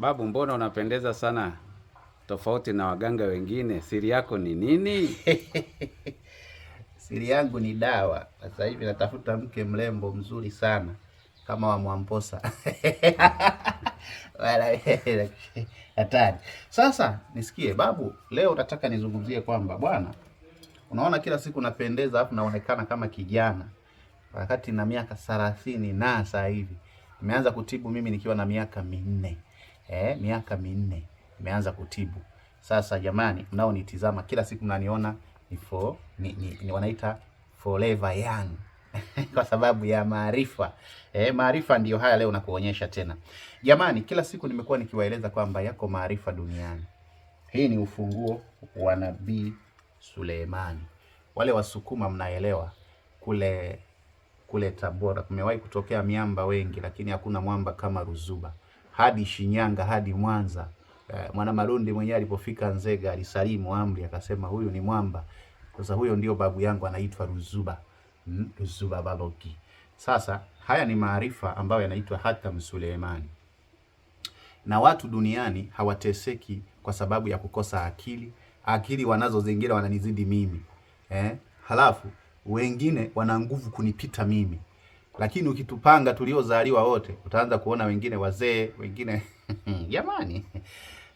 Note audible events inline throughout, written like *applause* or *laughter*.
babu, mbona unapendeza sana tofauti na waganga wengine, siri yako ni nini? *laughs* Siri yangu ni dawa. Sasa hivi natafuta mke mrembo mzuri sana kama wa Mwamposa *laughs* wala *laughs* hatari. Sasa nisikie babu, leo nataka nizungumzie kwamba bwana, unaona kila siku napendeza afu naonekana kama kijana wakati na miaka thelathini na sasa hivi nimeanza kutibu mimi nikiwa na miaka minne eh, miaka minne imeanza kutibu. Sasa jamani, mnaonitizama kila siku mnaniona ni, for, ni, ni, ni wanaita forever young *laughs* kwa sababu ya maarifa eh, maarifa ndiyo haya leo nakuonyesha tena. Jamani, kila siku nimekuwa nikiwaeleza kwamba yako maarifa duniani. Hii ni ufunguo wa Nabii Suleimani. Wale Wasukuma mnaelewa, kule kule Tabora kumewahi kutokea miamba wengi, lakini hakuna mwamba kama Ruzuba hadi Shinyanga hadi Mwanza. Eh, mwana Mwanamalundi mwenyewe alipofika Nzega alisalimu amri, akasema huyu ni mwamba. Sasa huyo ndio babu yangu anaitwa Ruzuba. Mm, Ruzuba Baloki. Sasa haya ni maarifa ambayo yanaitwa Hatam Suleimani, na watu duniani hawateseki kwa sababu ya kukosa akili. Akili wanazo zingira wananizidi mimi eh, halafu wengine wana nguvu kunipita mimi. Lakini ukitupanga tuliozaliwa wote, utaanza kuona wengine wazee, wengine *laughs* jamani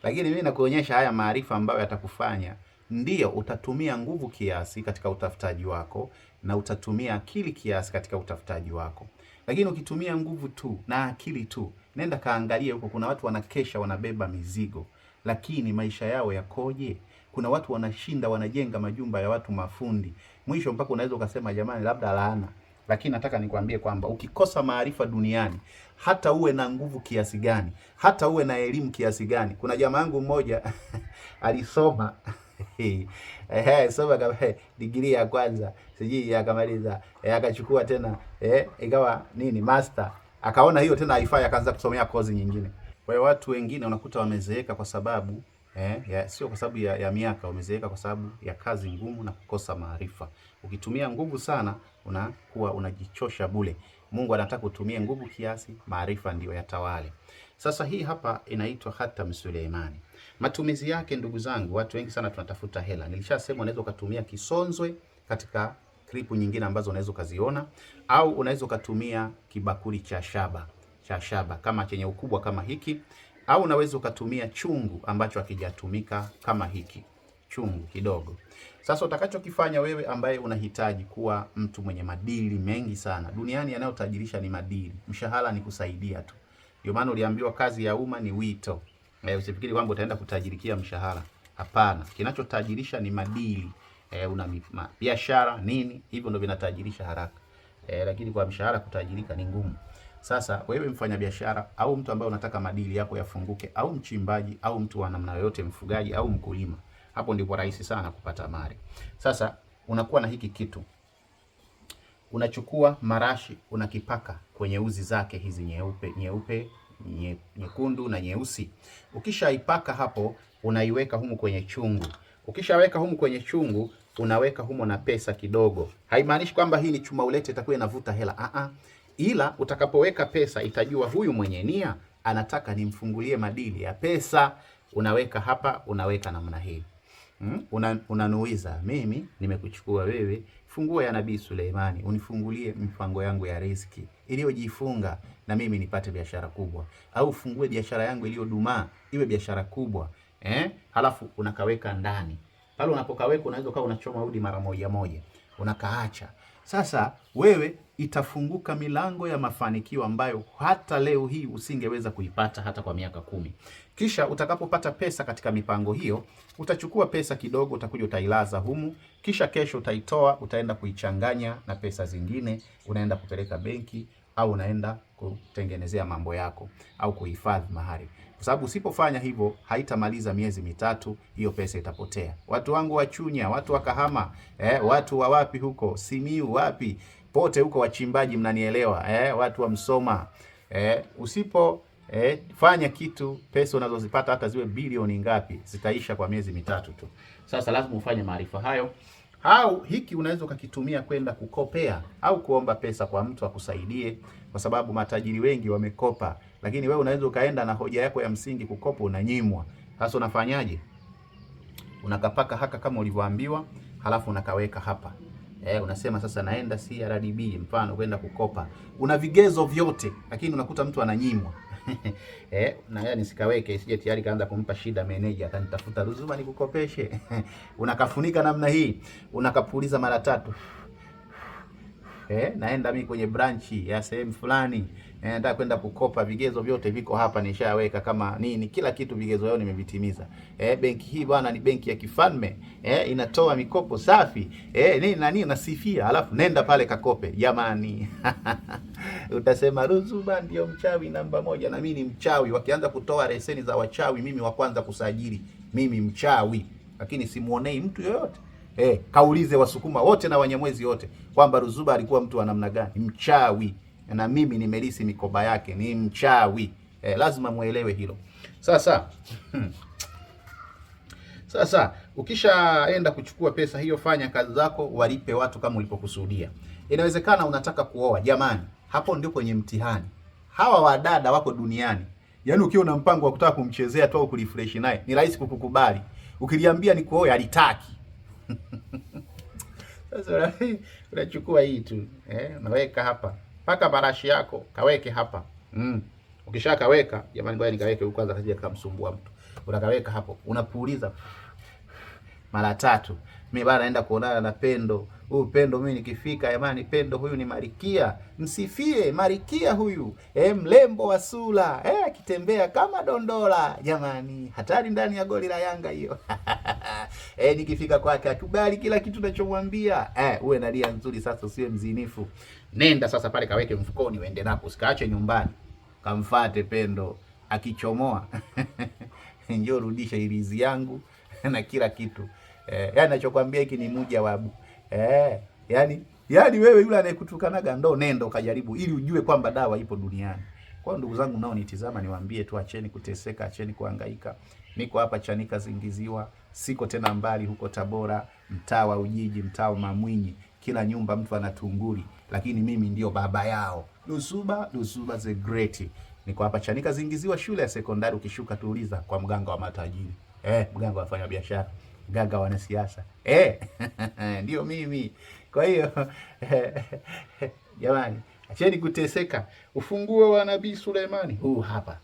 lakini mimi nakuonyesha haya maarifa ambayo yatakufanya ndio utatumia nguvu kiasi katika utafutaji wako na utatumia akili kiasi katika utafutaji wako. Lakini ukitumia nguvu tu na akili tu, nenda kaangalie huko, kuna watu wanakesha wanabeba mizigo, lakini maisha yao yakoje? Kuna watu wanashinda wanajenga majumba ya watu mafundi, mwisho mpaka unaweza ukasema jamani, labda laana. Lakini nataka nikwambie kwamba ukikosa maarifa duniani, hata uwe na nguvu kiasi gani, hata uwe na elimu kiasi gani. Kuna jamaa yangu mmoja *laughs* alisoma *laughs* soma kama hey, digrii ya kwanza sijui akamaliza eh, akachukua tena eh, ikawa nini master, akaona hiyo tena haifai, akaanza kusomea kozi nyingine. Kwa hiyo watu wengine unakuta wamezeeka kwa sababu Eh, sio kwa sababu ya, ya miaka umezeeka, kwa sababu ya kazi ngumu na kukosa maarifa. Ukitumia nguvu sana unakuwa unajichosha bule. Mungu anataka utumie nguvu kiasi, maarifa ndiyo yatawale. Sasa hii hapa inaitwa Khatam Suleimani. Matumizi yake, ndugu zangu, watu wengi sana tunatafuta hela. Nilishasema unaweza ukatumia kisonzwe katika kripu nyingine ambazo unaweza ukaziona, au unaweza ukatumia kibakuli cha shaba cha shaba kama chenye ukubwa kama hiki au unaweza ukatumia chungu ambacho hakijatumika kama hiki chungu kidogo. Sasa utakachokifanya wewe, ambaye unahitaji kuwa mtu mwenye madili mengi sana duniani, yanayotajirisha ni madili, mshahara ni kusaidia tu. Ndio maana uliambiwa kazi ya umma ni wito. E, usifikiri kwamba utaenda kutajirikia mshahara, hapana. Kinachotajirisha ni madili. E, una biashara nini, hivyo ndio vinatajirisha haraka. E, lakini kwa mshahara kutajirika ni ngumu. Sasa wewe mfanyabiashara au mtu ambaye unataka madili yako yafunguke, au mchimbaji au mtu wa namna yoyote, mfugaji au mkulima, hapo ndipo rahisi sana kupata mali. Sasa unakuwa na hiki kitu, unachukua marashi unakipaka kwenye uzi zake hizi nyeupe nyeupe nye, nyekundu na nyeusi. Ukishaipaka hapo, unaiweka humu kwenye chungu. Ukishaweka humu kwenye chungu unaweka humo na pesa kidogo. Haimaanishi kwamba hii ni chuma ulete itakuwa inavuta hela. -a. Ah, ah ila utakapoweka pesa itajua huyu mwenye nia anataka nimfungulie madili ya pesa. Unaweka hapa, unaweka namna hii hmm? Una, unanuiza mimi nimekuchukua wewe, fungua ya Nabii Suleimani, unifungulie mipango yangu ya riziki iliyojifunga, na mimi nipate biashara kubwa, au fungue biashara yangu iliyodumaa iwe biashara kubwa eh? Halafu unakaweka ndani pale, unapokaweka unaweza ukawa unachoma udi mara moja moja unakaacha. Sasa wewe itafunguka milango ya mafanikio ambayo hata leo hii usingeweza kuipata hata kwa miaka kumi. Kisha utakapopata pesa katika mipango hiyo, utachukua pesa kidogo, utakuja utailaza humu, kisha kesho utaitoa, utaenda kuichanganya na pesa zingine, unaenda kupeleka benki, au unaenda kutengenezea mambo yako au kuhifadhi mahari, kwa sababu usipofanya hivyo haitamaliza miezi mitatu, hiyo pesa itapotea. Watu wangu wachunya watu wa Kahama, eh, watu wa wapi huko Simiu, wapi pote huko, wachimbaji mnanielewa, eh, watu wa Msoma, eh, usipo eh, fanya kitu, pesa unazozipata hata ziwe bilioni ngapi zitaisha kwa miezi mitatu tu. Sasa lazima ufanye maarifa hayo au hiki unaweza ukakitumia kwenda kukopea au kuomba pesa kwa mtu akusaidie, kwa sababu matajiri wengi wamekopa, lakini wewe unaweza ukaenda na hoja yako ya msingi kukopa, unanyimwa. Sasa unafanyaje? Unakapaka haka kama ulivyoambiwa, halafu unakaweka hapa. Eh, unasema sasa naenda CRDB mfano kwenda kukopa. Una vigezo vyote, lakini unakuta mtu ananyimwa. *laughs* eh, na yeye nisikaweke, isije tayari kaanza kumpa shida meneja, atanitafuta ruzuma nikukopeshe. *laughs* Unakafunika namna hii, unakapuliza mara tatu eh, naenda mimi kwenye branch ya sehemu fulani eh, nataka kwenda kukopa. Vigezo vyote viko hapa, nishaweka kama nini, kila kitu, vigezo yao nimevitimiza. Eh, benki hii bwana ni benki ya kifalme eh, inatoa mikopo safi eh, nini na nini, nasifia. Alafu nenda pale kakope, jamani *laughs* utasema Ruzuba ndio mchawi namba moja, na mimi ni mchawi. Wakianza kutoa leseni za wachawi, mimi wa kwanza kusajili, mimi mchawi, lakini simuonei mtu yoyote. Eh, kaulize Wasukuma wote na Wanyamwezi wote kwamba Ruzuba alikuwa mtu wa namna gani, mchawi, na mimi nimelisi mikoba yake, ni mchawi. Eh, lazima muelewe hilo. Sasa *laughs* Sasa ukishaenda kuchukua pesa hiyo, fanya kazi zako, walipe watu kama ulipokusudia. Inawezekana unataka kuoa, jamani, hapo ndio kwenye mtihani. Hawa wadada wako duniani. Yaani ukiwa una mpango wa kutaka kumchezea tu au kulifresh naye, ni rahisi kukukubali. Ukiliambia ni kuoe halitaki. *laughs* Sasa *laughs* unachukua hii tu, eh, unaweka hapa. Paka barashi yako, kaweke hapa. Mm. Ukishakaweka, jamani ngoja nikaweke huko kwanza kaja kamsumbua mtu. Unakaweka hapo, unapuuliza mara tatu. Mimi bana naenda kuonana na Pendo huyu Pendo, mimi nikifika jamani, Pendo huyu ni Marikia, msifie Marikia huyu e, eh, mrembo wa sura e, akitembea kama dondola jamani, hatari ndani ya goli la Yanga hiyo *laughs* e, nikifika kwake akubali kila kitu nachomwambia e, uwe na lia nzuri. Sasa usiwe mzinifu, nenda sasa pale kaweke mfukoni uende nako, usikaache nyumbani, kamfate Pendo akichomoa *laughs* njoo rudisha ilizi yangu *laughs* na kila kitu eh, yani nachokwambia hiki ni mujawabu eh, yani yani wewe yule anayekutukanaga ndo nenda ukajaribu, ili ujue kwamba dawa ipo duniani. Kwa ndugu zangu nao nitizama, niwaambie tu, acheni kuteseka, acheni kuhangaika. Niko hapa Chanika Zingiziwa, siko tena mbali huko Tabora, mtaa wa Ujiji, mtaa wa Mamwinyi. Kila nyumba mtu ana anatunguli, lakini mimi ndio baba yao. Dusuba, Dusuba the great. Niko hapa Chanika Zingiziwa, shule ya sekondari, ukishuka tuuliza kwa mganga wa matajiri eh, mganga wa biashara gaga wanasiasa eh, *laughs* ndio mimi. Kwa hiyo *laughs* jamani, acheni kuteseka. Ufunguo wa Nabii Suleimani huu hapa.